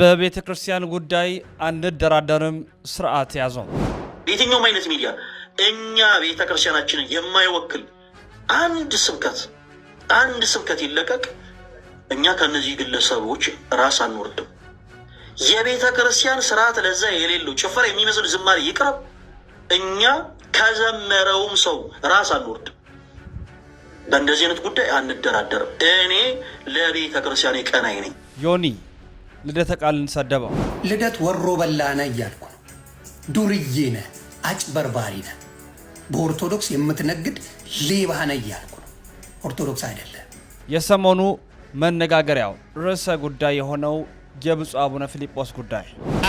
በቤተ ክርስቲያን ጉዳይ አንደራደርም፣ ስርዓት ያዘ የትኛውም አይነት ሚዲያ እኛ ቤተ ክርስቲያናችንን የማይወክል አንድ ስብከት አንድ ስብከት ይለቀቅ፣ እኛ ከእነዚህ ግለሰቦች ራስ አንወርድም። የቤተ ክርስቲያን ስርዓት ለዛ የሌለው ጭፈራ የሚመስል ዝማሬ ይቅረብ፣ እኛ ከዘመረውም ሰው ራስ አንወርድም። በእንደዚህ አይነት ጉዳይ አንደራደርም። እኔ ለቤተ ክርስቲያኔ ቀናይ ነኝ። ዮኒ ልደተ ቃል እንሳደበው ልደት ወሮ በላነ እያልኩ ነው። ዱርዬ ነ አጭበርባሪ ነ በኦርቶዶክስ የምትነግድ ሌባ ነ እያልኩ ነው። ኦርቶዶክስ አይደለም። የሰሞኑ መነጋገሪያው ርዕሰ ጉዳይ የሆነው የብፁ አቡነ ፊልጶስ ጉዳይ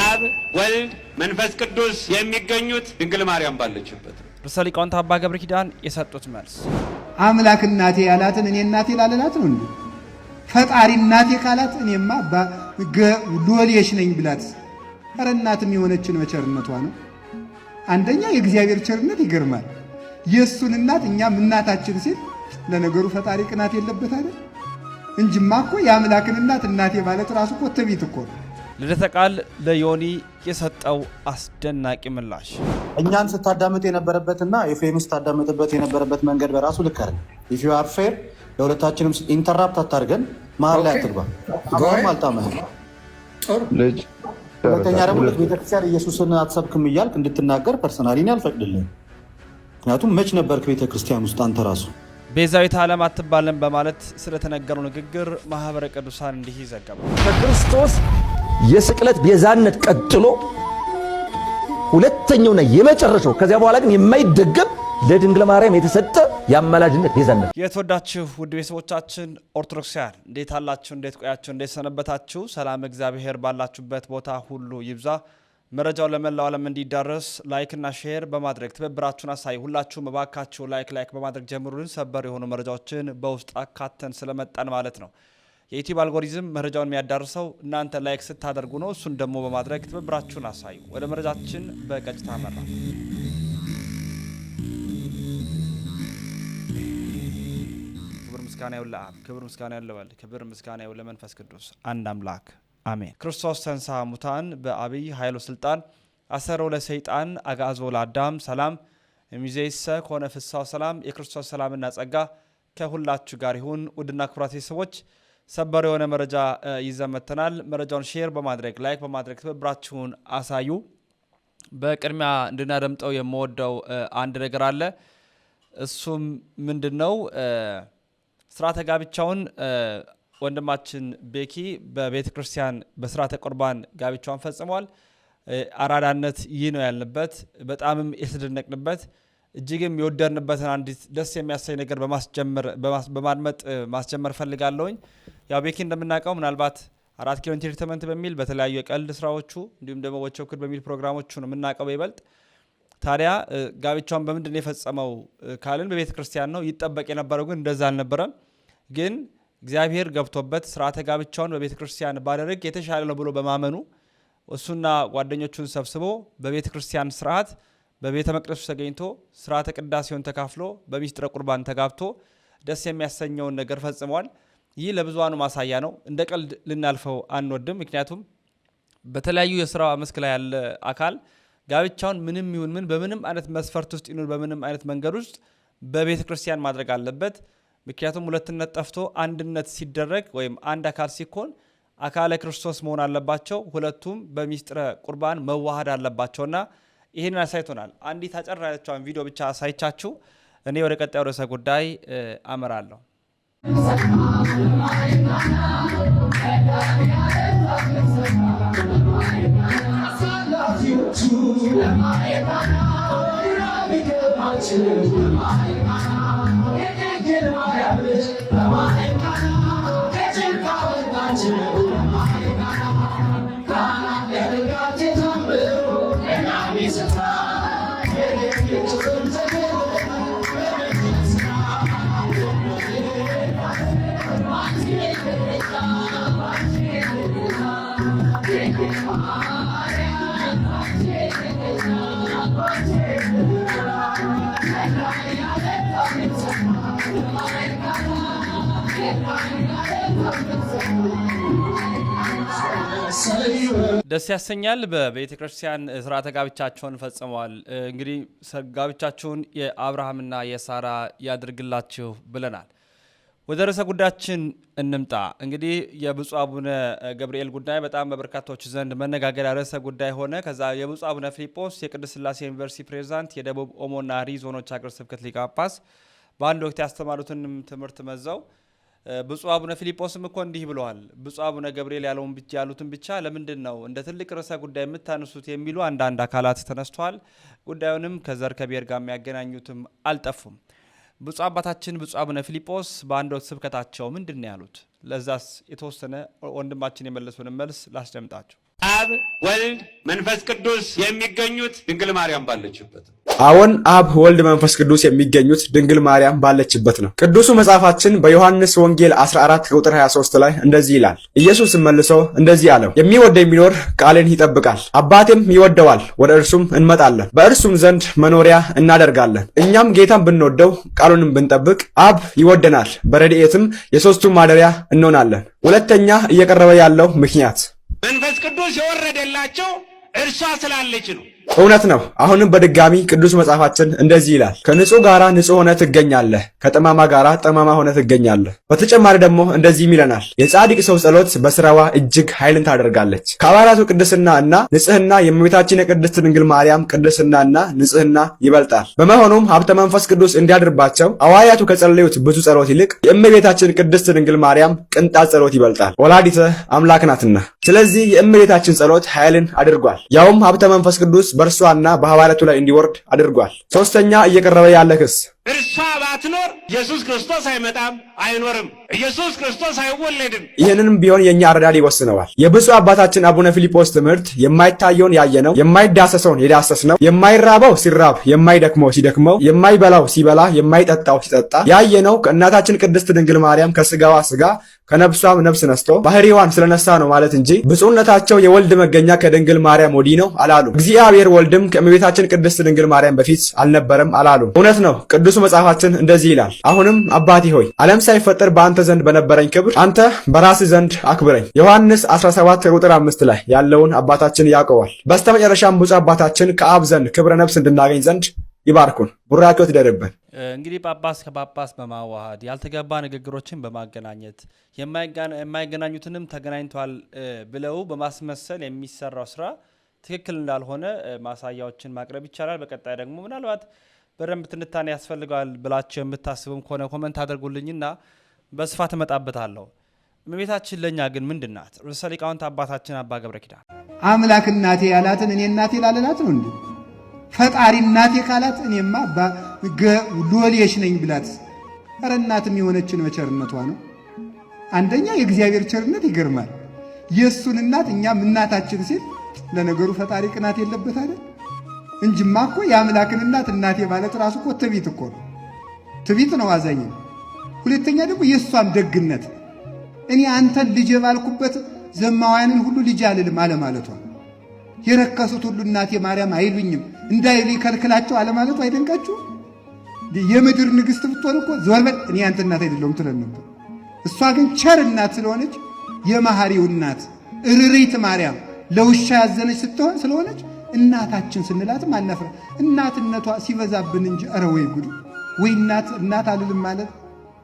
አብ ወልድ መንፈስ ቅዱስ የሚገኙት ድንግል ማርያም ባለችበት ርዕሰ ሊቃውንት አባ ገብረ ኪዳን የሰጡት መልስ አምላክ እናቴ ያላትን እኔ እናቴ ላልላት ነው እንዴ? ፈጣሪ እናቴ ካላት እኔማ ሎሌሽ ነኝ ብላት ኧረ እናትም የሆነችን መቸርነቷ ነው። አንደኛ የእግዚአብሔር ቸርነት ይገርማል። የእሱን እናት እኛም እናታችን ሲል ለነገሩ ፈጣሪ ቅናት የለበት አይደል? እንጂማ እኮ የአምላክን እናት እናቴ ማለት ራሱ እኮ ትዕቢት እኮ ነው። ልደተ ቃል ለዮኒ የሰጠው አስደናቂ ምላሽ እኛን ስታዳምጥ የነበረበትና ኤፍሬም ስታዳምጥበት የነበረበት መንገድ በራሱ ልክ አይደል? ለሁለታችንም ኢንተራፕት አታርገን፣ መሀል ላይ አትግባ። አብርሃም አልጣመህም። ሁለተኛ ደግሞ ቤተክርስቲያን ኢየሱስን አትሰብክም እያልክ እንድትናገር ፐርሰናሊን እኔ አልፈቅድልህም። ምክንያቱም መች ነበርክ ቤተክርስቲያን ውስጥ አንተ ራሱ ቤዛዊት ዓለም አትባለን በማለት ስለተነገረው ንግግር ማህበረ ቅዱሳን እንዲህ ይዘገባል። ከክርስቶስ የስቅለት ቤዛነት ቀጥሎ ሁለተኛውና የመጨረሻው ከዚያ በኋላ ግን የማይደገም ለድንግል ማርያም የተሰጠ የአማላጅነት ቤዛነት። የተወዳችሁ ውድ ቤተሰቦቻችን ኦርቶዶክሳውያን እንዴት አላችሁ? እንዴት ቆያችሁ? እንዴት ሰነበታችሁ? ሰላም እግዚአብሔር ባላችሁበት ቦታ ሁሉ ይብዛ። መረጃው ለመላው ዓለም እንዲዳረስ ላይክና ሼር በማድረግ ትብብራችሁን አሳይ። ሁላችሁም እባካችሁ ላይክ ላይክ በማድረግ ጀምሩልን። ሰበር የሆኑ መረጃዎችን በውስጥ አካተን ስለመጣን ማለት ነው። የዩቲዩብ አልጎሪዝም መረጃውን የሚያዳርሰው እናንተ ላይክ ስታደርጉ ነው። እሱን ደግሞ በማድረግ ትብብራችሁን አሳዩ። ወደ መረጃችን በቀጥታ መራ ምስጋና ይሁን ለአብ፣ ክብር ምስጋና ይሁን ለወልድ፣ ክብር ምስጋና ይሁን ለመንፈስ ቅዱስ አንድ አምላክ አሜን። ክርስቶስ ተንሥአ እሙታን በአብይ ኃይል ወሥልጣን አሰሮ ለሰይጣን አግዓዞ ለአዳም ሰላም እምይእዜሰ ኮነ ፍስሐ ሰላም። የክርስቶስ ሰላምና ጸጋ ከሁላችሁ ጋር ይሁን። ውድና ክቡራት ሰዎች ሰበር የሆነ መረጃ ይዘን መረጃውን ሼር በማድረግ ላይክ በማድረግ ትብብራችሁን አሳዩ። በቅድሚያ እንድናደምጠው የምወደው አንድ ነገር አለ። እሱም ምንድን ነው? ስርዓተ ጋብቻውን ወንድማችን ቤኪ በቤተ ክርስቲያን በስርዓተ ቁርባን ጋብቻውን ፈጽሟል። አራዳነት ይህ ነው ያልንበት፣ በጣምም የተደነቅንበት እጅግም የወደድንበትን አንዲት ደስ የሚያሳይ ነገር በማድመጥ ማስጀመር ፈልጋለሁኝ። ያው ቤኪ እንደምናውቀው ምናልባት አራት ኪሎ ኢንተርቴንመንት በሚል በተለያዩ የቀልድ ስራዎቹ እንዲሁም ደግሞ ወቸውክድ በሚል ፕሮግራሞቹ ነው የምናውቀው ይበልጥ። ታዲያ ጋብቻውን በምንድን የፈጸመው ካልን በቤተ ክርስቲያን ነው። ይጠበቅ የነበረው ግን እንደዛ አልነበረም። ግን እግዚአብሔር ገብቶበት ስርዓተ ጋብቻውን በቤተ ክርስቲያን ባደረግ የተሻለ ነው ብሎ በማመኑ እሱና ጓደኞቹን ሰብስቦ በቤተ ክርስቲያን ስርዓት በቤተ መቅደሱ ተገኝቶ ስርዓተ ቅዳሴውን ተካፍሎ በሚስጥረ ቁርባን ተጋብቶ ደስ የሚያሰኘውን ነገር ፈጽመዋል። ይህ ለብዙሃኑ ማሳያ ነው። እንደ ቀልድ ልናልፈው አንወድም። ምክንያቱም በተለያዩ የስራ መስክ ላይ ያለ አካል ጋብቻውን ምንም ይሁን ምን በምንም አይነት መስፈርት ውስጥ ይኑር በምንም አይነት መንገድ ውስጥ በቤተ ክርስቲያን ማድረግ አለበት። ምክንያቱም ሁለትነት ጠፍቶ አንድነት ሲደረግ ወይም አንድ አካል ሲኮን አካለ ክርስቶስ መሆን አለባቸው። ሁለቱም በሚስጥረ ቁርባን መዋሃድ አለባቸውና ይህንን አሳይቶናል። አንዲት አጨር ቪዲዮ ብቻ አሳይቻችሁ እኔ ወደ ቀጣዩ ርዕሰ ጉዳይ አመራለሁ። ሄድ ማርያም በማዕካ ደስ ያሰኛል። በቤተ ክርስቲያን ስርዓተ ጋብቻቸውን ፈጽመዋል። እንግዲህ ጋብቻችሁን የአብርሃምና የሳራ ያድርግላችሁ ብለናል። ወደ ርዕሰ ጉዳያችን እንምጣ። እንግዲህ የብፁዕ አቡነ ገብርኤል ጉዳይ በጣም በበርካታዎች ዘንድ መነጋገሪያ ርዕሰ ጉዳይ ሆነ። ከዛ የብፁዕ አቡነ ፊሊጶስ የቅድስት ስላሴ ዩኒቨርሲቲ ፕሬዚዳንት፣ የደቡብ ኦሞና ሪ ዞኖች ሀገረ ስብከት ሊቀ ጳጳስ በአንድ ወቅት ያስተማሩትንም ትምህርት መዘው ብፁ አቡነ ፊሊጶስም እኮ እንዲህ ብለዋል። ብፁ አቡነ ገብርኤል ያለውን ያሉትን ብቻ ለምንድን ነው እንደ ትልቅ ርዕሰ ጉዳይ የምታነሱት የሚሉ አንዳንድ አካላት ተነስተዋል። ጉዳዩንም ከዘር ከብሔር ጋር የሚያገናኙትም አልጠፉም። ብፁ አባታችን ብፁ አቡነ ፊሊጶስ በአንድ ወቅት ስብከታቸው ምንድን ነው ያሉት? ለዛስ የተወሰነ ወንድማችን የመለሱንም መልስ ላስደምጣቸው። አብ ወልድ መንፈስ ቅዱስ የሚገኙት ድንግል ማርያም ባለችበት አዎን አብ ወልድ መንፈስ ቅዱስ የሚገኙት ድንግል ማርያም ባለችበት ነው። ቅዱሱ መጽሐፋችን በዮሐንስ ወንጌል 14 ቁጥር 23 ላይ እንደዚህ ይላል። ኢየሱስ መልሶ እንደዚህ አለው፣ የሚወደ የሚኖር ቃሌን ይጠብቃል፣ አባቴም ይወደዋል፣ ወደ እርሱም እንመጣለን፣ በእርሱም ዘንድ መኖሪያ እናደርጋለን። እኛም ጌታን ብንወደው ቃሉንም ብንጠብቅ አብ ይወደናል፣ በረድኤትም የሦስቱ ማደሪያ እንሆናለን። ሁለተኛ እየቀረበ ያለው ምክንያት መንፈስ ቅዱስ የወረደላቸው እርሷ ስላለች ነው። እውነት ነው። አሁንም በድጋሚ ቅዱስ መጽሐፋችን እንደዚህ ይላል፣ ከንጹህ ጋራ ንጹህ ሆነ ትገኛለህ፣ ከጠማማ ጋራ ጠማማ ሆነ ትገኛለህ። በተጨማሪ ደግሞ እንደዚህም ይለናል፣ የጻድቅ ሰው ጸሎት በስራዋ እጅግ ኃይልን ታደርጋለች። ከአባላቱ ቅድስና እና ንጽህና የእመቤታችን የቅድስት ድንግል ማርያም ቅድስና እና ንጽህና ይበልጣል። በመሆኑም ሀብተ መንፈስ ቅዱስ እንዲያድርባቸው አዋያቱ ከጸለዩት ብዙ ጸሎት ይልቅ የእመቤታችን ቅድስት ድንግል ማርያም ቅንጣት ጸሎት ይበልጣል፣ ወላዲተ አምላክ ናትና። ስለዚህ የእመቤታችን ጸሎት ኃይልን አድርጓል። ያውም ሀብተ መንፈስ ቅዱስ በእርሷና በሐዋርያቱ ላይ እንዲወርድ አድርጓል። ሶስተኛ እየቀረበ ያለ ክስ እርሷ ባትኖር ኢየሱስ ክርስቶስ አይመጣም፣ አይኖርም። ኢየሱስ ክርስቶስ አይወለድም። ይህንንም ቢሆን የእኛ አረዳድ ይወስነዋል። የብፁዕ አባታችን አቡነ ፊልጶስ ትምህርት የማይታየውን ያየነው፣ የማይዳሰሰውን የዳሰስነው፣ የማይራበው ሲራብ፣ የማይደክመው ሲደክመው፣ የማይበላው ሲበላ፣ የማይጠጣው ሲጠጣ ያየነው ከእናታችን ቅድስት ድንግል ማርያም ከስጋዋ ስጋ ከነብሷም ነብስ ነስቶ ባህሪዋን ስለነሳ ነው ማለት እንጂ ብፁዕነታቸው የወልድ መገኛ ከድንግል ማርያም ወዲህ ነው አላሉም። እግዚአብሔር ወልድም ከእመቤታችን ቅድስት ድንግል ማርያም በፊት አልነበረም አላሉም። እውነት ነው ቅዱስ ቅዱስ መጽሐፋችን እንደዚህ ይላል፣ አሁንም አባቴ ሆይ ዓለም ሳይፈጠር በአንተ ዘንድ በነበረኝ ክብር አንተ በራስህ ዘንድ አክብረኝ። ዮሐንስ 17 ቁጥር 5 ላይ ያለውን አባታችን ያውቀዋል። በስተመጨረሻም ብፁዕ አባታችን ከአብ ዘንድ ክብረ ነፍስ እንድናገኝ ዘንድ ይባርኩን፣ ቡራኪዎት ይደርብን። እንግዲህ ጳጳስ ከጳጳስ በማዋሃድ ያልተገባ ንግግሮችን በማገናኘት የማይገናኙትንም ተገናኝቷል ብለው በማስመሰል የሚሰራው ስራ ትክክል እንዳልሆነ ማሳያዎችን ማቅረብ ይቻላል። በቀጣይ ደግሞ ምናልባት በደንብ ትንታኔ ያስፈልገዋል ብላቸው የምታስብም ከሆነ ኮመንት አድርጉልኝና በስፋት እመጣበታለሁ። እመቤታችን ለእኛ ግን ምንድን ናት? ርዕሰ ሊቃውንት አባታችን አባ ገብረ ኪዳን አምላክ እናቴ ያላትን እኔ እናቴ ላለላት ነው እንዲ ፈጣሪ እናቴ ካላት እኔማ ሎሌሽ ነኝ ብላት ረ እናትም የሆነችን በቸርነቷ ነው። አንደኛ የእግዚአብሔር ቸርነት ይገርማል። የእሱን እናት እኛም እናታችን ሲል ለነገሩ ፈጣሪ ቅናት የለበት አይደል? እንጅማ እኮ የአምላክን እናት እናቴ ማለት ራሱ እኮ ትቢት እኮ ነው። ትቢት ነው፣ አዛኝ። ሁለተኛ ደግሞ የእሷም ደግነት እኔ አንተን ልጅ የባልኩበት ዘማውያንን ሁሉ ልጅ አልልም አለማለቷ፣ የረከሱት ሁሉ እናቴ ማርያም አይሉኝም እንዳይሉኝ ከልክላቸው አለማለቷ አይደንቃችሁ? የምድር ንግሥት ብትሆን እኮ ዘወርበል እኔ አንተ እናት አይደለሁም ትለን ነበር። እሷ ግን ቸር እናት ስለሆነች የመሐሪው እናት እርሪት ማርያም ለውሻ ያዘነች ስትሆን ስለሆነች እናታችን ስንላትም አናፍራ። እናትነቷ ሲበዛብን እንጂ ኧረ ወይ ጉድ ወይ እናት እናት አልልም ማለት።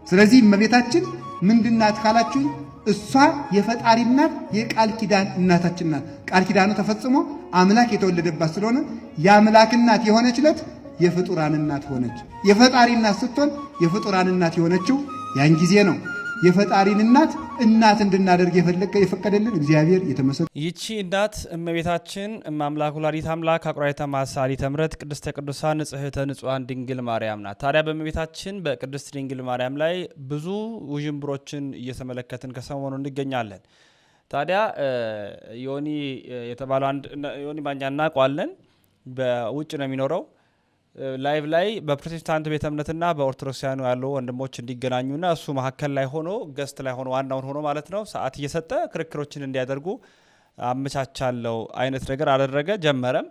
ስለዚህ እመቤታችን ምንድናት ካላችሁ እሷ የፈጣሪ እናት የቃል ኪዳን እናታችን ናት። ቃል ኪዳኑ ተፈጽሞ አምላክ የተወለደባት ስለሆነ የአምላክ እናት የሆነች ዕለት የፍጡራን እናት ሆነች። የፈጣሪ እናት ስትሆን የፍጡራን እናት የሆነችው ያን ጊዜ ነው። የፈጣሪን እናት እናት እንድናደርግ የፈለገ የፈቀደልን እግዚአብሔር የተመሰ ይቺ እናት እመቤታችን እማምላክ ወላዲት አምላክ አቁራይተ ማሳሊ ተምረት ቅድስተ ቅዱሳን ንጽህተ ንጹሐን ድንግል ማርያም ናት። ታዲያ በእመቤታችን በቅድስት ድንግል ማርያም ላይ ብዙ ውዥንብሮችን እየተመለከትን ከሰሞኑ እንገኛለን። ታዲያ ዮኒ የተባለ አንድ ዮኒ ማኛ እናውቀዋለን፣ በውጭ ነው የሚኖረው ላይቭ ላይ በፕሮቴስታንት ቤተ እምነትና በኦርቶዶክሳውያኑ ያሉ ወንድሞች እንዲገናኙና እሱ መካከል ላይ ሆኖ ገስት ላይ ሆኖ ዋናውን ሆኖ ማለት ነው ሰዓት እየሰጠ ክርክሮችን እንዲያደርጉ አመቻቻለው አይነት ነገር አደረገ ጀመረም።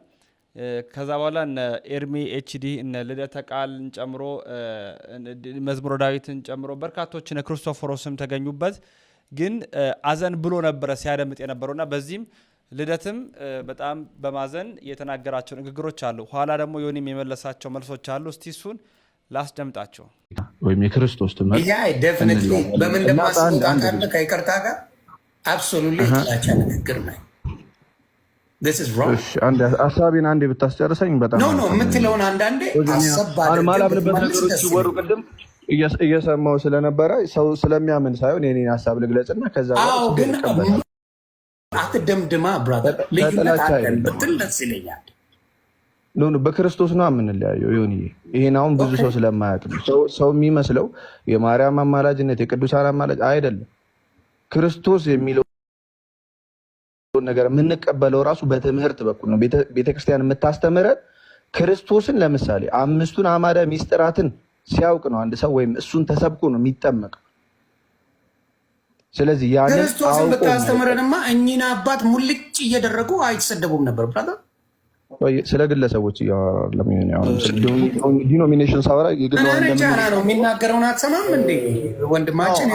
ከዛ በኋላ እነ ኤርሚ ኤችዲ እነ ልደተ ቃልን ጨምሮ መዝሙሮ ዳዊትን ጨምሮ በርካቶች እነ ክርስቶፎሮስም ተገኙበት። ግን አዘን ብሎ ነበረ ሲያደምጥ የነበረውና በዚህም ልደትም በጣም በማዘን የተናገራቸው ንግግሮች አሉ። ኋላ ደግሞ ዮኒም የመለሳቸው መልሶች አሉ። እስቲ እሱን ላስደምጣቸው። ወይም የክርስቶስ ትምህርት በምን እንደማስጣጣለ ከይቅርታ ጋር አብሶሉ ጥላቻ ንግግር ነው። ሀሳቤን አንዴ ብታስጨርሰኝ በጣም የምትለውን አንዳንዴ ማላምንበት ነገሮች ሲወሩ ቅድም እየሰማው ስለነበረ ሰው ስለሚያምን ሳይሆን የኔን ሀሳብ ልግለጽና ከዛ ግን አትደምድማ ብራዘር፣ ይለኛል። በክርስቶስ ነው የምንለያየው። ሆን ይሄን አሁን ብዙ ሰው ስለማያውቅ ሰው የሚመስለው የማርያም አማላጅነት የቅዱሳን አማላጅ አይደለም። ክርስቶስ የሚለው ነገር የምንቀበለው ራሱ በትምህርት በኩል ነው። ቤተክርስቲያን የምታስተምረን ክርስቶስን ለምሳሌ አምስቱን አማደ ሚስጥራትን ሲያውቅ ነው አንድ ሰው ወይም እሱን ተሰብኮ ነው የሚጠመቀው ስለዚህ ክርስቶስን ብታስተምረንማ እኚህን አባት ሙልጭ እየደረጉ አይተሰደቡም ነበር። ስለ ግለሰቦች ዲኖሚኔሽን ሳወራ ነው የሚናገረውን አትሰማም እንዴ ወንድማችን?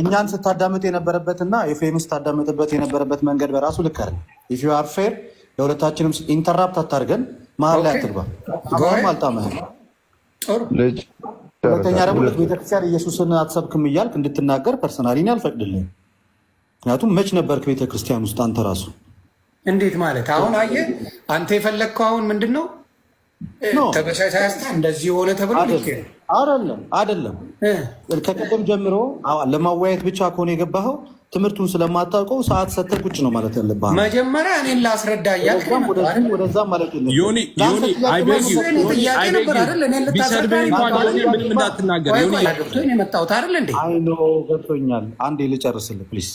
እኛን ስታዳምጥ የነበረበትና ኤፍኤም ስታዳምጥበት የነበረበት መንገድ በራሱ ልከር ኢፍ ዩ አር ፌር ለሁለታችንም ኢንተራፕት አታርገን፣ መሀል ላይ አትግባ። አሁንም አልጣመህም ሁለተኛ ደግሞ ቤተክርስቲያን ኢየሱስን አትሰብክም እያልክ እንድትናገር ፐርሰናሊን አልፈቅድልኝ። ምክንያቱም መች ነበርክ ቤተክርስቲያን ውስጥ አንተ ራሱ እንዴት ማለት አሁን አየ አንተ የፈለግከው አሁን ምንድን ነው ተበሳሳያስታ እንደዚህ የሆነ ተብሎ አይደለም አይደለም። ከቀደም ጀምሮ ለማወያየት ብቻ ከሆነ የገባኸው ትምህርቱን ስለማታውቀው ሰዓት ሰተህ ቁጭ ነው ማለት ያለብህ። መጀመሪያ እኔን ላስረዳ እያልክ ወደዛ ማለት ገብቶኛል። አንዴ ልጨርስልህ ፕሊዝ።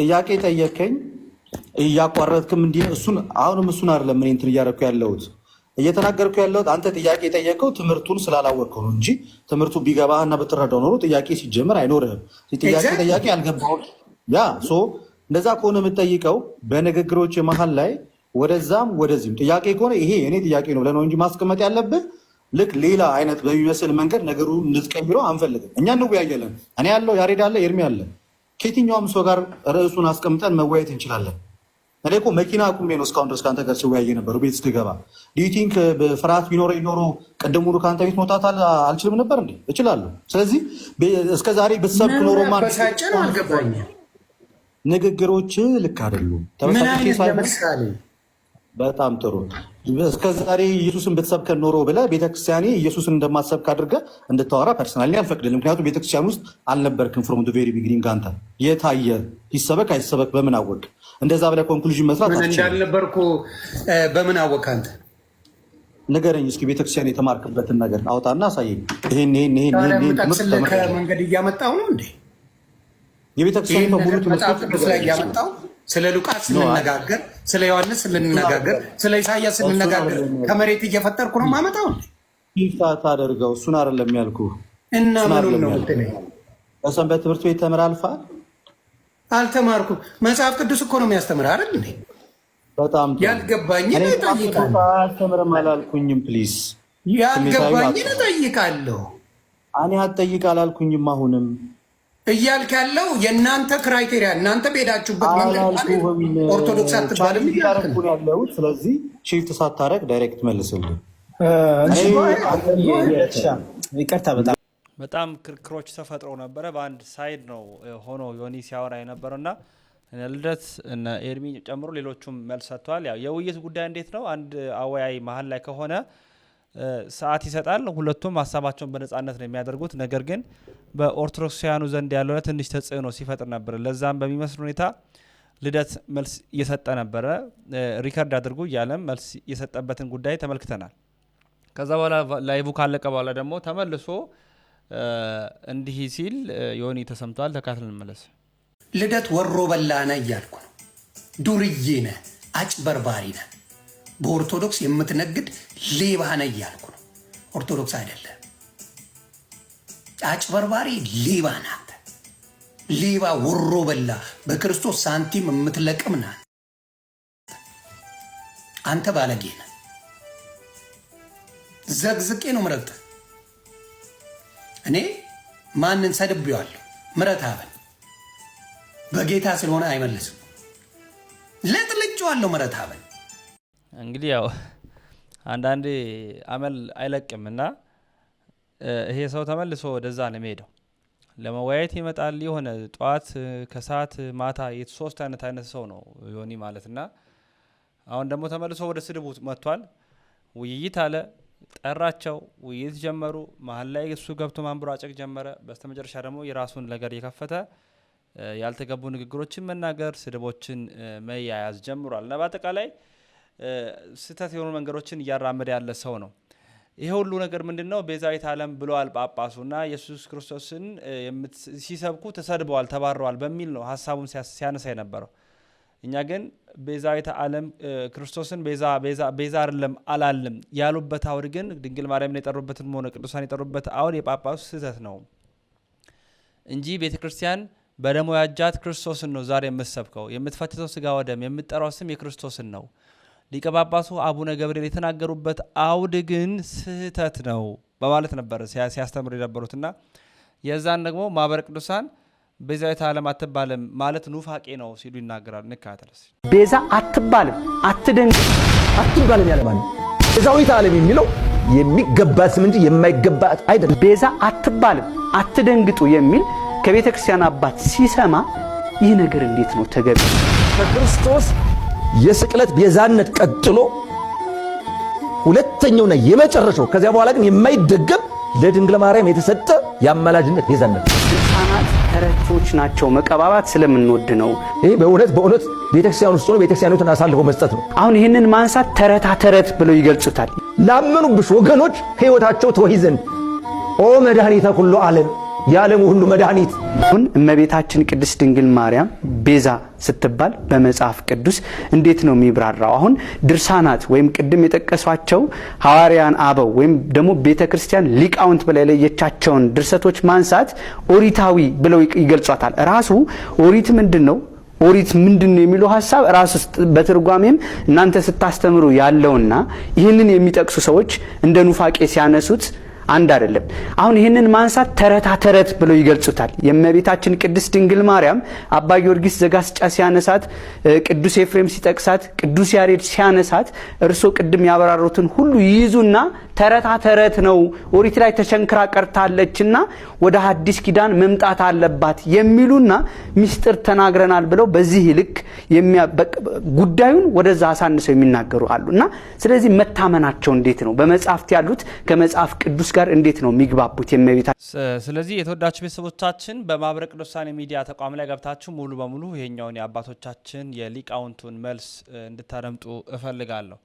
ጥያቄ ጠየከኝ እያቋረጥክም እንዲህ እሱን አሁንም እሱን አይደለም እኔ እንትን እያደረኩ ያለሁት እየተናገርኩ ያለሁት አንተ ጥያቄ የጠየቀው ትምህርቱን ስላላወቅከው ነው እንጂ ትምህርቱ ቢገባህና ብትረዳው ኖሮ ጥያቄ ሲጀምር አይኖርህም። ጥያቄ ጥያቄ አልገባሁም። ያ ሶ እንደዛ ከሆነ የምጠይቀው በንግግሮች መሀል ላይ ወደዛም ወደዚህም ጥያቄ ከሆነ ይሄ የኔ ጥያቄ ነው ብለህ ነው እንጂ ማስቀመጥ ያለብህ ልክ ሌላ አይነት በሚመስል መንገድ ነገሩ እንድትቀይረው አንፈልግም። እኛ እንወያያለን። እኔ ያለው ያሬድ አለ ኤርሚ አለ። ከየትኛውም ሰው ጋር ርዕሱን አስቀምጠን መወያየት እንችላለን። እኔ እኮ መኪና አቁሜ ነው እስካሁን ድረስ ከአንተ ጋር ሲወያየ ነበሩ። ቤት ስትገባ ዲቲንክ በፍርሃት ቢኖረ ኖሮ ቀደም ሁሉ ከአንተ ቤት መውጣት አልችልም ነበር እንዴ? እችላለሁ። ስለዚህ እስከ ዛሬ ብትሰብክ ኖሮ ንግግሮች ልክ አይደሉም። በጣም ጥሩ። እስከ ዛሬ ኢየሱስን ብትሰብከን ኖሮ ብለ ቤተክርስቲያኔ ኢየሱስን እንደማትሰብክ አድርገህ እንድታወራ ፐርሰናል አልፈቅድልም። ምክንያቱም ቤተክርስቲያን ውስጥ አልነበርክም። ፍሮም ቬሪ ቢግሪንግ አንተ የታየ ይሰበክ አይሰበክ በምን አወቅ እንደዛ ብለህ ኮንክሉዥን መስራት እንዳልነበርኩ በምን አወቅህ አንተ? ንገረኝ እስኪ ቤተክርስቲያን የተማርክበትን ነገር አውጣና አሳየኝ። ይሄን ይሄን ይሄን ከመንገድ እያመጣሁ ነው እንዴ? የቤተክርስቲያን በሙሉ መጽሐፍ ቅዱስ ላይ እያመጣሁ ስለ ሉቃስ ስንነጋገር፣ ስለ ዮሐንስ ስንነጋገር፣ ስለ ኢሳያስ ስንነጋገር ከመሬት እየፈጠርኩ ነው ማመጣው እንዴ? ይፋት አደርገው እሱን አይደለም ያልኩህ እና ምኑን ነው ምትለኝ? በሰንበት ትምህርት ቤት ተምር አልፋ አልተማርኩም። መጽሐፍ ቅዱስ እኮ ነው የሚያስተምር አይደል እንዴ? በጣም ያልገባኝን እጠይቃለሁ። አያስተምርም አላልኩኝም። ፕሊዝ ያልገባኝን እጠይቃለሁ። እኔ አትጠይቅ አላልኩኝም። አሁንም እያልክ ያለው የእናንተ ክራይቴሪያ እናንተ በሄዳችሁበት ኦርቶዶክስ አትባልም ያለው። ስለዚህ ሽፍት ሳታረግ ዳይሬክት መልስልኝ። ይቅርታ በጣም በጣም ክርክሮች ተፈጥሮ ነበረ። በአንድ ሳይድ ነው ሆኖ ዮኒ ሲያወራ የነበረውና ልደት እነ ኤድሚ ጨምሮ ሌሎቹም መልስ ሰጥተዋል። ያው የውይይት ጉዳይ እንዴት ነው አንድ አወያይ መሀል ላይ ከሆነ ሰዓት ይሰጣል። ሁለቱም ሀሳባቸውን በነጻነት ነው የሚያደርጉት። ነገር ግን በኦርቶዶክሳውያኑ ዘንድ ያለው ትንሽ ተጽዕኖ ሲፈጥር ነበር። ለዛም በሚመስል ሁኔታ ልደት መልስ እየሰጠ ነበረ። ሪከርድ አድርጉ እያለም መልስ የሰጠበትን ጉዳይ ተመልክተናል። ከዛ በኋላ ላይቡ ካለቀ በኋላ ደግሞ ተመልሶ እንዲህ ሲል የሆነ ተሰምተዋል። ተካትል መለስ ልደት ወሮ በላነ እያልኩ ነው። ዱርዬ ነ አጭበርባሪ ነ በኦርቶዶክስ የምትነግድ ሌባ ነ እያልኩ ነው። ኦርቶዶክስ አይደለም፣ አጭበርባሪ ሌባ ናት። ሌባ ወሮ በላ፣ በክርስቶስ ሳንቲም የምትለቅም ናት። አንተ ባለጌ ነ ዘግዝቄ ነው ምረግጠህ እኔ ማንን ሰድቤዋለሁ? ምረት በጌታ ስለሆነ አይመልስም። ለጥልጭዋለሁ ምረት አብን እንግዲህ ያው አንዳንዴ አመል አይለቅም እና ይሄ ሰው ተመልሶ ወደዛ ነው የሚሄደው። ለመወያየት ይመጣል። የሆነ ጠዋት ከሰዓት ማታ ሶስት አይነት አይነት ሰው ነው ዮኒ ማለት እና አሁን ደግሞ ተመልሶ ወደ ስድቡ መጥቷል። ውይይት አለ ጠራቸው፣ ውይይት ጀመሩ። መሀል ላይ እሱ ገብቶ ማንበራጨቅ ጀመረ። በስተመጨረሻ ደግሞ የራሱን ነገር እየከፈተ ያልተገቡ ንግግሮችን መናገር፣ ስድቦችን መያያዝ ጀምሯል እና በአጠቃላይ ስህተት የሆኑ መንገዶችን እያራመደ ያለ ሰው ነው። ይሄ ሁሉ ነገር ምንድን ነው? ቤዛዊት ዓለም ብለዋል ጳጳሱ እና ኢየሱስ ክርስቶስን ሲሰብኩ ተሰድበዋል፣ ተባረዋል በሚል ነው ሀሳቡን ሲያነሳ የነበረው እኛ ግን ቤዛዊተ ዓለም ክርስቶስን ቤዛ አይደለም አላለም ያሉበት አውድ ግን ድንግል ማርያምን የጠሩበትን መሆነ ቅዱሳን የጠሩበት አውድ የጳጳሱ ስህተት ነው እንጂ ቤተ ክርስቲያን በደሞ ያጃት ክርስቶስን ነው ዛሬ የምትሰብከው። የምትፈትተው ስጋ ወደም የምትጠራው ስም የክርስቶስን ነው። ሊቀ ጳጳሱ አቡነ ገብርኤል የተናገሩበት አውድ ግን ስህተት ነው በማለት ነበር ሲያስተምሩ የነበሩትና የዛን ደግሞ ማህበረ ቅዱሳን ቤዛዊት ዓለም አትባልም ማለት ኑፋቄ ነው ሲሉ ይናገራሉ። ንካተለስ ቤዛ አትባልም አትደንግ፣ አትባልም ያለ ማለት ቤዛዊት ዓለም የሚለው የሚገባት ስም እንጂ የማይገባት አይደለም። ቤዛ አትባልም አትደንግጡ የሚል ከቤተ ክርስቲያን አባት ሲሰማ ይህ ነገር እንዴት ነው ተገቢ? ከክርስቶስ የስቅለት ቤዛነት ቀጥሎ ሁለተኛውና የመጨረሻው ከዚያ በኋላ ግን የማይደገም ለድንግል ማርያም የተሰጠ የአማላጅነት ቤዛነት ተረቶች ናቸው። መቀባባት ስለምንወድ ነው። ይህ በእውነት በእውነት ቤተክርስቲያን ውስጥ ሆኖ ቤተክርስቲያኖትን አሳልፎ መስጠት ነው። አሁን ይህንን ማንሳት ተረታ ተረት ብለው ይገልጹታል። ላመኑብሽ ወገኖች ሕይወታቸው ተወይዘን ኦ መድኃኒተ ኩሉ ዓለም የዓለም ሁሉ መድኃኒት አሁን እመቤታችን ቅድስት ድንግል ማርያም ቤዛ ስትባል በመጽሐፍ ቅዱስ እንዴት ነው የሚብራራው? አሁን ድርሳናት ወይም ቅድም የጠቀሷቸው ሐዋርያን አበው ወይም ደግሞ ቤተ ክርስቲያን ሊቃውንት በላይ ለየቻቸውን ድርሰቶች ማንሳት ኦሪታዊ ብለው ይገልጿታል። ራሱ ኦሪት ምንድን ነው ኦሪት ምንድን ነው የሚለው ሀሳብ ራሱ በትርጓሜም እናንተ ስታስተምሩ ያለውና ይህንን የሚጠቅሱ ሰዎች እንደ ኑፋቄ ሲያነሱት አንድ አይደለም። አሁን ይህንን ማንሳት ተረታ ተረት ብለው ይገልጹታል። የእመቤታችን ቅድስት ድንግል ማርያም አባ ጊዮርጊስ ዘጋስጫ ሲያነሳት፣ ቅዱስ ኤፍሬም ሲጠቅሳት፣ ቅዱስ ያሬድ ሲያነሳት እርሶ ቅድም ያበራሩትን ሁሉ ይይዙና ተረታ ተረት ነው ኦሪት ላይ ተቸንክራ ቀርታለችና ወደ ሐዲስ ኪዳን መምጣት አለባት የሚሉና ሚስጥር ተናግረናል ብለው በዚህ ልክ ጉዳዩን ወደዛ አሳንሰው የሚናገሩ አሉ እና ስለዚህ መታመናቸው እንዴት ነው? በመጽሐፍት ያሉት ከመጽሐፍ ቅዱስ ጋር እንዴት ነው የሚግባቡት? የመቤታ ስለዚህ የተወዳችሁ ቤተሰቦቻችን በማህበረ ቅዱሳን ሚዲያ ተቋም ላይ ገብታችሁ ሙሉ በሙሉ ይሄኛውን የአባቶቻችን የሊቃውንቱን መልስ እንድታደምጡ እፈልጋለሁ።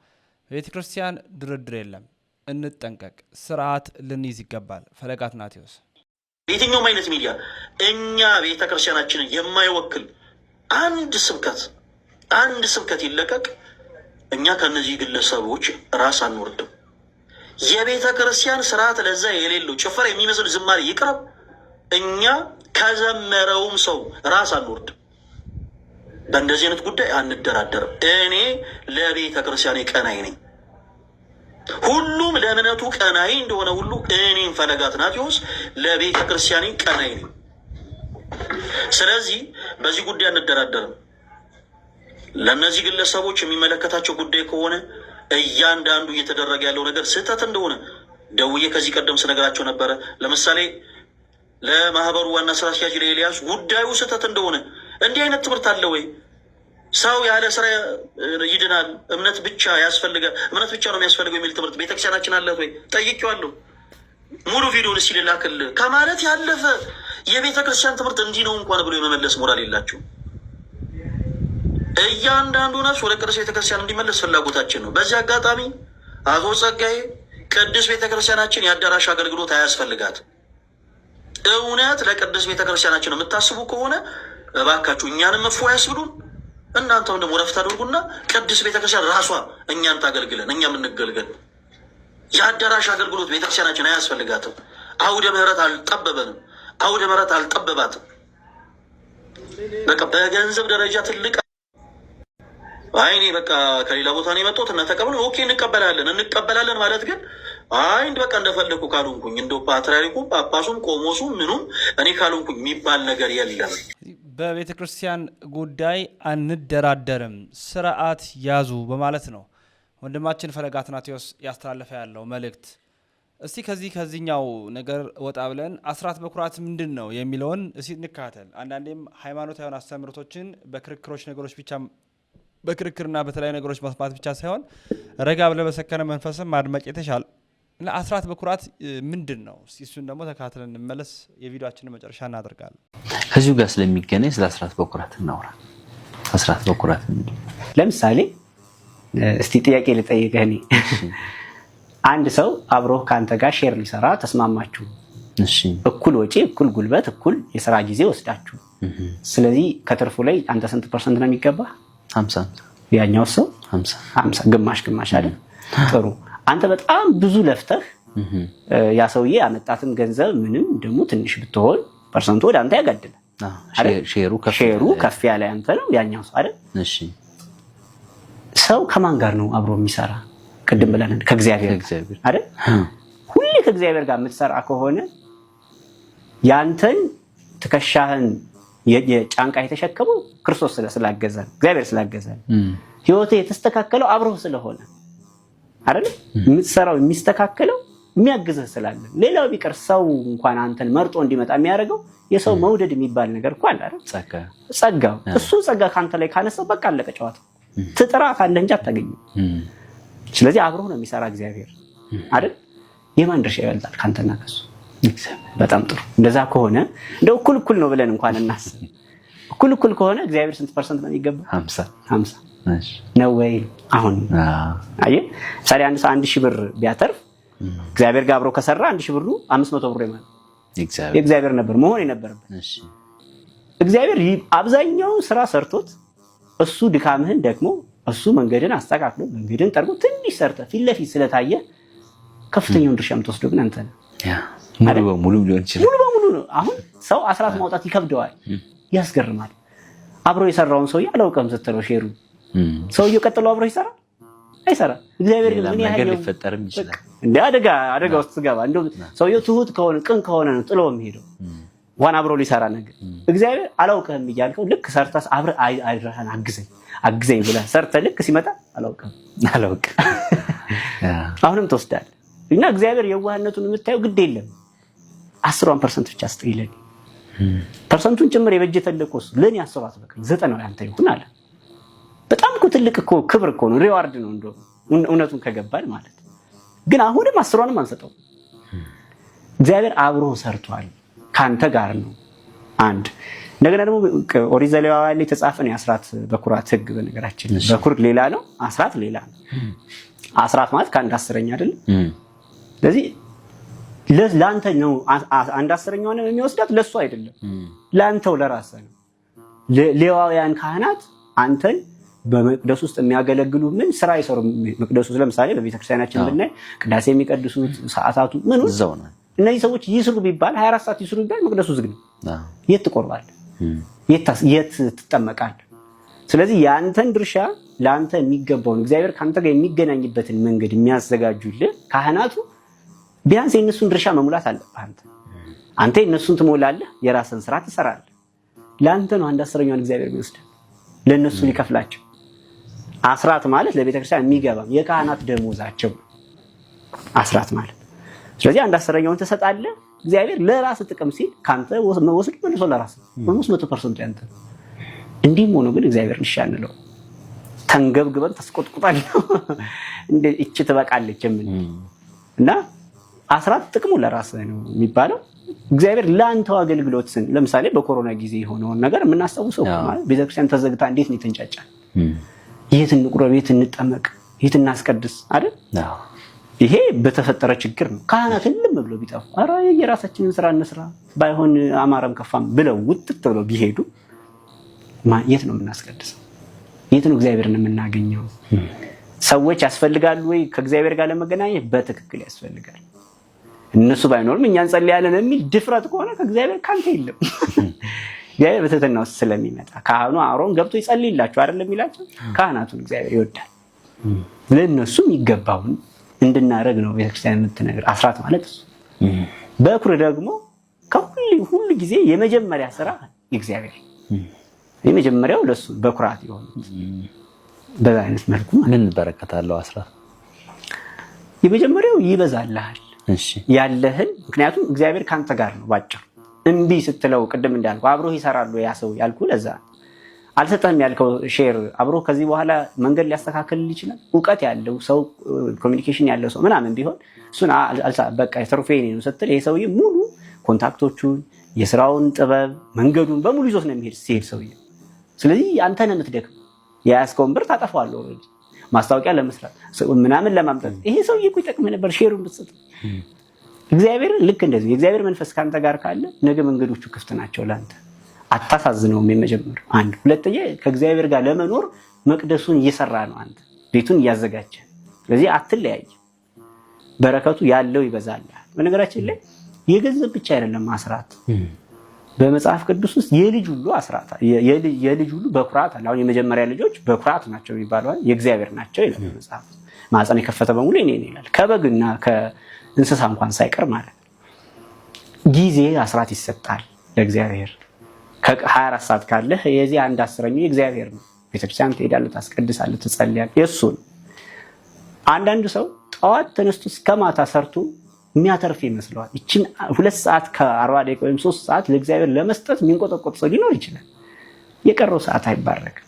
ቤተ ክርስቲያን ድርድር የለም። እንጠንቀቅ፣ ስርዓት ልንይዝ ይገባል። ፈለገ አትናቴዎስ የትኛውም አይነት ሚዲያ እኛ ቤተ ክርስቲያናችንን የማይወክል አንድ ስብከት አንድ ስብከት ይለቀቅ፣ እኛ ከእነዚህ ግለሰቦች ራስ አንወርድም። የቤተ ክርስቲያን ስርዓት ለዛ የሌለው ጭፈራ የሚመስል ዝማሬ ይቅረብ። እኛ ከዘመረውም ሰው ራስ አንወርድም። በእንደዚህ አይነት ጉዳይ አንደራደርም። እኔ ለቤተ ክርስቲያን ቀናይ ነኝ። ሁሉም ለእምነቱ ቀናይ እንደሆነ ሁሉ እኔም ፈለገ አትናቴዎስ ለቤተ ክርስቲያን ቀናይ ነኝ። ስለዚህ በዚህ ጉዳይ አንደራደርም። ለእነዚህ ግለሰቦች የሚመለከታቸው ጉዳይ ከሆነ እያንዳንዱ እየተደረገ ያለው ነገር ስህተት እንደሆነ ደውዬ ከዚህ ቀደም ስነግራቸው ነበረ። ለምሳሌ ለማህበሩ ዋና ስራ አስኪያጅ ለኤልያስ ጉዳዩ ስህተት እንደሆነ እንዲህ አይነት ትምህርት አለ ወይ? ሰው ያለ ስራ ይድናል፣ እምነት ብቻ ያስፈልጋል፣ እምነት ብቻ ነው የሚያስፈልገው የሚል ትምህርት ቤተክርስቲያናችን አለት ወይ? ጠይቄዋለሁ። ሙሉ ቪዲዮን ሲልላክል ከማለት ያለፈ የቤተክርስቲያን ትምህርት እንዲህ ነው እንኳን ብሎ የመመለስ ሞራል የላቸው። እያንዳንዱ ነፍስ ወደ ቅዱስ ቤተክርስቲያን እንዲመለስ ፍላጎታችን ነው። በዚህ አጋጣሚ አቶ ጸጋዬ ቅዱስ ቤተክርስቲያናችን የአዳራሽ አገልግሎት አያስፈልጋት። እውነት ለቅዱስ ቤተክርስቲያናችን የምታስቡ ከሆነ እባካችሁ እኛንም እፎ ያስብሉን፣ እናንተውን ደግሞ ረፍት አድርጉና ቅዱስ ቤተክርስቲያን ራሷ እኛን ታገልግለን፣ እኛም እንገልገል። የአዳራሽ አገልግሎት ቤተክርስቲያናችን አያስፈልጋትም። አውደ ምሕረት አልጠበበንም። አውደ ምሕረት አልጠበባትም። በቃ በገንዘብ ደረጃ ትልቅ አይ እኔ በቃ ከሌላ ቦታ ነው የመጣሁት እና ተቀብሎ ኦኬ እንቀበላለን እንቀበላለን ማለት ግን አይ እንደ በቃ እንደፈለግኩ ካልሆንኩኝ እንደ ፓትርያርኩም ጳጳሱም ቆሞሱም ምኑም እኔ ካልሆንኩኝ የሚባል ነገር የለም። በቤተ ክርስቲያን ጉዳይ አንደራደርም፣ ስርዓት ያዙ በማለት ነው ወንድማችን ፈለገ አትናቴዎስ ያስተላለፈ ያለው መልእክት። እስቲ ከዚህ ከዚህኛው ነገር ወጣ ብለን አስራት በኩራት ምንድን ነው የሚለውን እስቲ እንካተል። አንዳንዴም ሃይማኖታዊን አስተምህሮቶችን በክርክሮች ነገሮች ብቻ በክርክርና በተለያዩ ነገሮች መስማት ብቻ ሳይሆን ረጋ ብለህ በሰከነ መንፈስም ማድመቅ የተሻለ እና አስራት በኩራት ምንድን ነው? እሱን ደግሞ ተካትለን እንመለስ። የቪዲዮችንን መጨረሻ እናደርጋለን። ከዚሁ ጋር ስለሚገናኝ ስለ አስራት በኩራት እናውራ። አስራት በኩራት ለምሳሌ እስቲ ጥያቄ ልጠይቅህ እኔ አንድ ሰው አብሮ ከአንተ ጋር ሼር ሊሰራ ተስማማችሁ፣ እኩል ወጪ፣ እኩል ጉልበት፣ እኩል የስራ ጊዜ ወስዳችሁ። ስለዚህ ከትርፉ ላይ አንተ ስንት ፐርሰንት ነው የሚገባ? ያኛው ሰው ግማሽ ግማሽ አለ። ጥሩ አንተ በጣም ብዙ ለፍተህ ያ ሰውዬ ያመጣትም ገንዘብ ምንም ደግሞ ትንሽ ብትሆን ፐርሰንቱ ወደ አንተ ያጋድላል። ሼሩ ከፍ ያለ አንተ ነው ያኛው ሰው አይደል? ሰው ከማን ጋር ነው አብሮ የሚሰራ? ቅድም ብለን ከእግዚአብሔር አይደል? ሁሌ ከእግዚአብሔር ጋር የምትሰራ ከሆነ ያንተን ትከሻህን የጫንቃ የተሸከመው ክርስቶስ ስላገዘ እግዚአብሔር ስላገዘ ህይወት የተስተካከለው አብረው ስለሆነ አይደለ? የምትሰራው የሚስተካከለው የሚያግዝህ ስላለ። ሌላው ቢቀር ሰው እንኳን አንተን መርጦ እንዲመጣ የሚያደርገው የሰው መውደድ የሚባል ነገር እኮ አለ ጸጋ እሱ ጸጋ ከአንተ ላይ ካነሳው በቃ አለቀ ጨዋታ። ትጥራ ካለ እንጂ አታገኝም። ስለዚህ አብረው ነው የሚሰራ እግዚአብሔር አይደል? የማን ድርሻ ይበልጣል ከአንተና ከሱ? በጣም ጥሩ። እንደዛ ከሆነ እንደው እኩል እኩል ነው ብለን እንኳን እናስ እኩል እኩል ከሆነ እግዚአብሔር ስንት ፐርሰንት ነው የሚገባ? ነው ወይ? አሁን አየህ፣ ምሳሌ አንድ ሰው አንድ ሺህ ብር ቢያተርፍ እግዚአብሔር ጋር አብሮ ከሰራ አንድ ሺህ ብሩ አምስት መቶ ብሩ የእግዚአብሔር ነበር መሆን የነበረበት። እግዚአብሔር አብዛኛውን ስራ ሰርቶት እሱ ድካምህን ደግሞ እሱ መንገድን አስተካክሎ መንገድን ጠርጎ ትንሽ ሰርተ ፊት ለፊት ስለታየ ከፍተኛውን ድርሻ የምትወስደው ግን አንተ ነህ። ሙሉ በሙሉ ሊሆን ይችላል። ሙሉ በሙሉ ነው። አሁን ሰው አስራት ማውጣት ይከብደዋል፣ ያስገርማል። አብሮ የሰራውን ሰውዬ አላውቅም ስትለው ሼሩ ሰውዬው ቀጥሎ አብሮ ይሰራል አይሰራም። እግዚአብሔር ግን ያህል ሊፈጠርም ይችላል። እንደ አደጋ አደጋ ውስጥ ስገባ እንደው ሰውዬው ትሁት ከሆነ ቅን ከሆነ ነው ጥሎ የሚሄደው ዋን አብሮ ሊሰራ ነገር እግዚአብሔር አላውቅህም እያልከው ልክ ሰርተህ አብረህ አይድረሃን አግዘኝ አግዘኝ ብለህ ሰርተህ ልክ ሲመጣ አላውቅህም አላውቅህም አሁንም ትወስዳለህ እና እግዚአብሔር የዋህነቱን የምታየው ግድ የለም አስሯን ፐርሰንት ብቻ ስጠኝ ለኔ ፐርሰንቱን ጭምር የበጀተልህ እኮ እሱ ለእኔ አስሯ አትበቃኝ ዘጠናው ያንተ ይሁን አለ። በጣም እኮ ትልቅ እኮ ክብር እኮ ነው፣ ሪዋርድ ነው እንደ እውነቱን ከገባል ማለት ግን አሁንም አስሯንም አንሰጠው። እግዚአብሔር አብሮ ሰርቷል፣ ከአንተ ጋር ነው። አንድ እንደገና ደግሞ ኦሪት ዘሌዋውያን ላይ የተጻፈ ነው የአስራት በኩራት ህግ። በነገራችን በኩር ሌላ ነው፣ አስራት ሌላ ነው። አስራት ማለት ከአንድ አስረኛ አይደለም። ስለዚህ ለአንተ ነው አንድ ሆነ የሚወስዳት ለሱ አይደለም፣ ለአንተው ለራሰ ነው። ሌዋውያን ካህናት አንተን በመቅደስ ውስጥ የሚያገለግሉ ምን ስራ ይሰሩ? መቅደሱ ለምሳሌ በቤተክርስቲያናችን ብናይ ቅዳሴ የሚቀድሱት ሰዓታቱ ምን እዛው ነው። እነዚህ ሰዎች ይስሩ ቢባል 24 ሰዓት ይስሩ ቢባል መቅደሱ ዝግ ነው። የት ትቆርባል? የት ትጠመቃል? ስለዚህ የአንተን ድርሻ ለአንተ የሚገባውን እግዚአብሔር ከአንተ ጋር የሚገናኝበትን መንገድ የሚያዘጋጁልህ ካህናቱ ቢያንስ የእነሱን ድርሻ መሙላት አለብህ አንተ አንተ የእነሱን ትሞላለህ፣ የራስን ስራ ትሰራለህ። ለአንተ ነው አንድ አስረኛውን እግዚአብሔር የሚወስድ ለእነሱ ሊከፍላቸው። አስራት ማለት ለቤተክርስቲያን የሚገባም የካህናት ደሞዛቸው አስራት ማለት። ስለዚህ አንድ አስረኛውን ትሰጣለህ። እግዚአብሔር ለራስ ጥቅም ሲል ከአንተ መወስድ መልሶ ለራስ ስ መቶ ፐርሰንቱ ያንተ። እንዲህም ሆኖ ግን እግዚአብሔር እሺ አንለው። ተንገብግበን ተስቆጥቁጣል እቺ ትበቃለች የምንል እና አስራት ጥቅሙ ለራስ ነው የሚባለው። እግዚአብሔር ለአንተው አገልግሎት ስን ለምሳሌ በኮሮና ጊዜ የሆነውን ነገር የምናስታውሰው ቤተክርስቲያን ተዘግታ እንዴት ነው የተንጫጫ? የት እንቁረብ፣ የት እንጠመቅ፣ የት እናስቀድስ አይደል? ይሄ በተፈጠረ ችግር ነው። ካህናት እልም ብሎ ቢጠፉ ኧረ የራሳችንን ስራ እንስራ ባይሆን አማረም ከፋም ብለው ውጥት ብለው ቢሄዱ የት ነው የምናስቀድሰው? የት ነው እግዚአብሔርን የምናገኘው? ሰዎች ያስፈልጋሉ ወይ ከእግዚአብሔር ጋር ለመገናኘት? በትክክል ያስፈልጋል። እነሱ ባይኖርም እኛ እንጸልያለን የሚል ድፍረት ከሆነ ከእግዚአብሔር ካንተ የለም። እግዚአብሔር በትህትና ውስጥ ስለሚመጣ ካህኑ አሮን ገብቶ ይጸልይላቸው አይደለም የሚላቸው። ካህናቱን እግዚአብሔር ይወዳል። ለእነሱ የሚገባውን እንድናደረግ ነው ቤተክርስቲያን የምትነግር። አስራት ማለት እሱ። በኩር ደግሞ ከሁሉ ሁሉ ጊዜ የመጀመሪያ ስራ እግዚአብሔር የመጀመሪያው ለሱ በኩራት የሆኑት በዛ አይነት መልኩ እንበረከታለው። አስራት የመጀመሪያው ይበዛልሃል ያለህን ምክንያቱም እግዚአብሔር ከአንተ ጋር ነው። ባጭር እምቢ ስትለው ቅድም እንዳልኩ አብሮህ ይሰራሉ ያ ሰው ያልኩ ለዛ አልሰጠህም ያልከው ሼር አብሮ ከዚህ በኋላ መንገድ ሊያስተካከል ይችላል። እውቀት ያለው ሰው ኮሚኒኬሽን ያለው ሰው ምናምን ቢሆን እሱን በቃ የተርፌ ነው ስትል ይህ ሰውዬ ሙሉ ኮንታክቶቹን፣ የስራውን ጥበብ፣ መንገዱን በሙሉ ይዞት ነው የሚሄድ ሲሄድ ሰውዬ። ስለዚህ አንተን የምትደክም የያዝከውን ብር ታጠፋዋለህ። ማስታወቂያ ለመስራት ምናምን ለማምጣት ይሄ ሰውዬ እኮ ይጠቅም ነበር። ሼሩን ብትሰጥ እግዚአብሔር ልክ እንደዚህ የእግዚአብሔር መንፈስ ከአንተ ጋር ካለ ነገ መንገዶቹ ክፍት ናቸው ለአንተ። አታሳዝነውም። የመጀመር አንድ ሁለተኛ፣ ከእግዚአብሔር ጋር ለመኖር መቅደሱን እየሰራ ነው አንተ ቤቱን እያዘጋጀ። ስለዚህ አትለያየ በረከቱ ያለው ይበዛል በነገራችን ላይ የገንዘብ ብቻ አይደለም ማስራት በመጽሐፍ ቅዱስ ውስጥ የልጅ ሁሉ አስራት የልጅ ሁሉ በኩራት አለ። አሁን የመጀመሪያ ልጆች በኩራት ናቸው የሚባለው የእግዚአብሔር ናቸው ይላል መጽሐፍ። የከፈተ በሙሉ እኔ ይላል። ከበግና ከእንስሳ እንኳን ሳይቀር ማለት ጊዜ አስራት ይሰጣል ለእግዚአብሔር። ከ24 ሰዓት ካለህ የዚህ አንድ አስረኛው የእግዚአብሔር ነው። ቤተክርስቲያን ትሄዳለህ፣ ታስቀድሳለህ፣ ትጸልያለህ። የእሱ ነው። አንዳንድ ሰው ጠዋት ተነስቶ እስከ ማታ ሰርቶ የሚያተርፍ ይመስለዋል። ይችን ሁለት ሰዓት ከአርባ ደቂቃ ወይም ሶስት ሰዓት ለእግዚአብሔር ለመስጠት የሚንቆጠቆጥ ሰው ሊኖር ይችላል። የቀረው ሰዓት አይባረክም።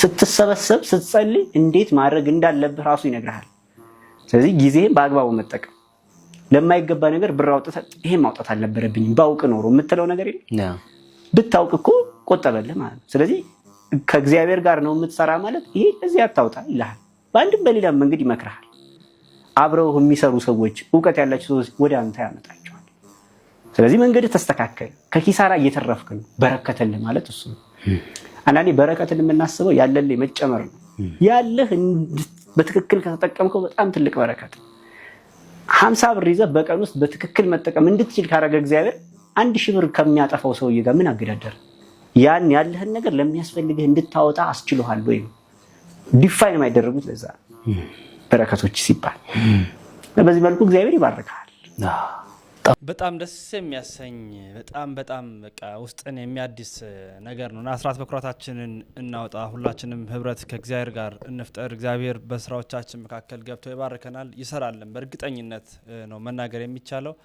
ስትሰበሰብ ስትጸልይ እንዴት ማድረግ እንዳለብህ ራሱ ይነግርሃል። ስለዚህ ጊዜህን በአግባቡ መጠቀም ለማይገባ ነገር ብር አውጥተህ ይሄ ማውጣት አልነበረብኝም ባውቅ ኖሮ የምትለው ነገር የለም። ብታውቅ እኮ ቆጠበልህ ማለት ነው። ስለዚህ ከእግዚአብሔር ጋር ነው የምትሰራ ማለት ይሄ እዚህ አታውጣ ይልሃል። በአንድም በሌላም መንገድ ይመክርሃል። አብረው የሚሰሩ ሰዎች እውቀት ያላቸው ሰዎች ወደ አንተ ያመጣቸዋል። ስለዚህ መንገድ ተስተካከል፣ ከኪሳራ እየተረፍክ ነው፣ በረከተልህ ማለት እሱ ነው። አንዳንዴ በረከትን የምናስበው ያለን መጨመር ነው። ያለህ በትክክል ከተጠቀምከው በጣም ትልቅ በረከት ነው። ሀምሳ ብር ይዘህ በቀን ውስጥ በትክክል መጠቀም እንድትችል ካረገ እግዚአብሔር አንድ ሺህ ብር ከሚያጠፋው ሰውዬ ጋር ምን አገዳደር? ያን ያለህን ነገር ለሚያስፈልግህ እንድታወጣ አስችሎሃል ወይም ዲፋይን የማይደረጉት ለዛ በረከቶች ሲባል በዚህ መልኩ እግዚአብሔር ይባርካል። በጣም ደስ የሚያሰኝ በጣም በጣም በቃ ውስጥን የሚያድስ ነገር ነው እና አስራት በኩራታችንን እናውጣ። ሁላችንም ህብረት ከእግዚአብሔር ጋር እንፍጠር። እግዚአብሔር በስራዎቻችን መካከል ገብቶ ይባርከናል፣ ይሰራልን። በእርግጠኝነት ነው መናገር የሚቻለው።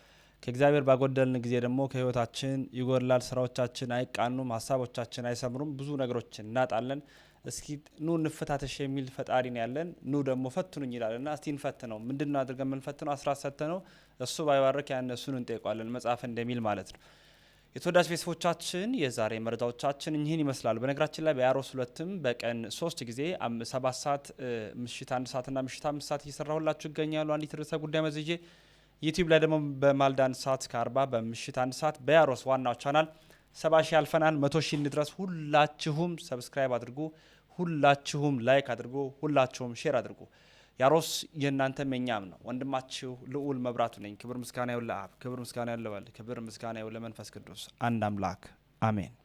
ከእግዚአብሔር ባጎደልን ጊዜ ደግሞ ከህይወታችን ይጎድላል። ስራዎቻችን አይቃኑም፣ ሀሳቦቻችን አይሰምሩም፣ ብዙ ነገሮችን እናጣለን። እስኪ ኑ እንፈታተሽ የሚል ፈጣሪ ነው ያለን። ኑ ደግሞ ፈትኑኝ ይላል እና እስቲ እንፈት ነው ምንድን ነው አድርገን ምንፈት ነው አስራት ሰተ ነው እሱ ባይባረክ ያን እሱን እንጠይቋለን መጽሐፍ እንደሚል ማለት ነው። የተወዳጅ ቤተሰቦቻችን የዛሬ መረጃዎቻችን እኚህን ይመስላሉ። በነገራችን ላይ በያሮስ ሁለትም በቀን ሶስት ጊዜ ሰባት ሰዓት ምሽት አንድ ሰዓትና ምሽት አምስት ሰዓት እየሰራሁላችሁ ይገኛሉ። አንዲት ርዕሰ ጉዳይ መዝዬ ዩቲዩብ ላይ ደግሞ በማልዳ አንድ ሰዓት ከአርባ በምሽት አንድ ሰዓት በያሮስ ዋናው ቻናል ሰባ ሺህ ያልፈናል። መቶ ሺህ እንድረስ። ሁላችሁም ሰብስክራይብ አድርጉ። ሁላችሁም ላይክ አድርጉ፣ ሁላችሁም ሼር አድርጉ። ያሮስ የእናንተም የኛም ነው። ወንድማችሁ ልዑል መብራቱ ነኝ። ክብር ምስጋና ይሁን ለአብ፣ ክብር ምስጋና ይሁን ለወልድ፣ ክብር ምስጋና ይሁን ለመንፈስ ቅዱስ አንድ አምላክ አሜን።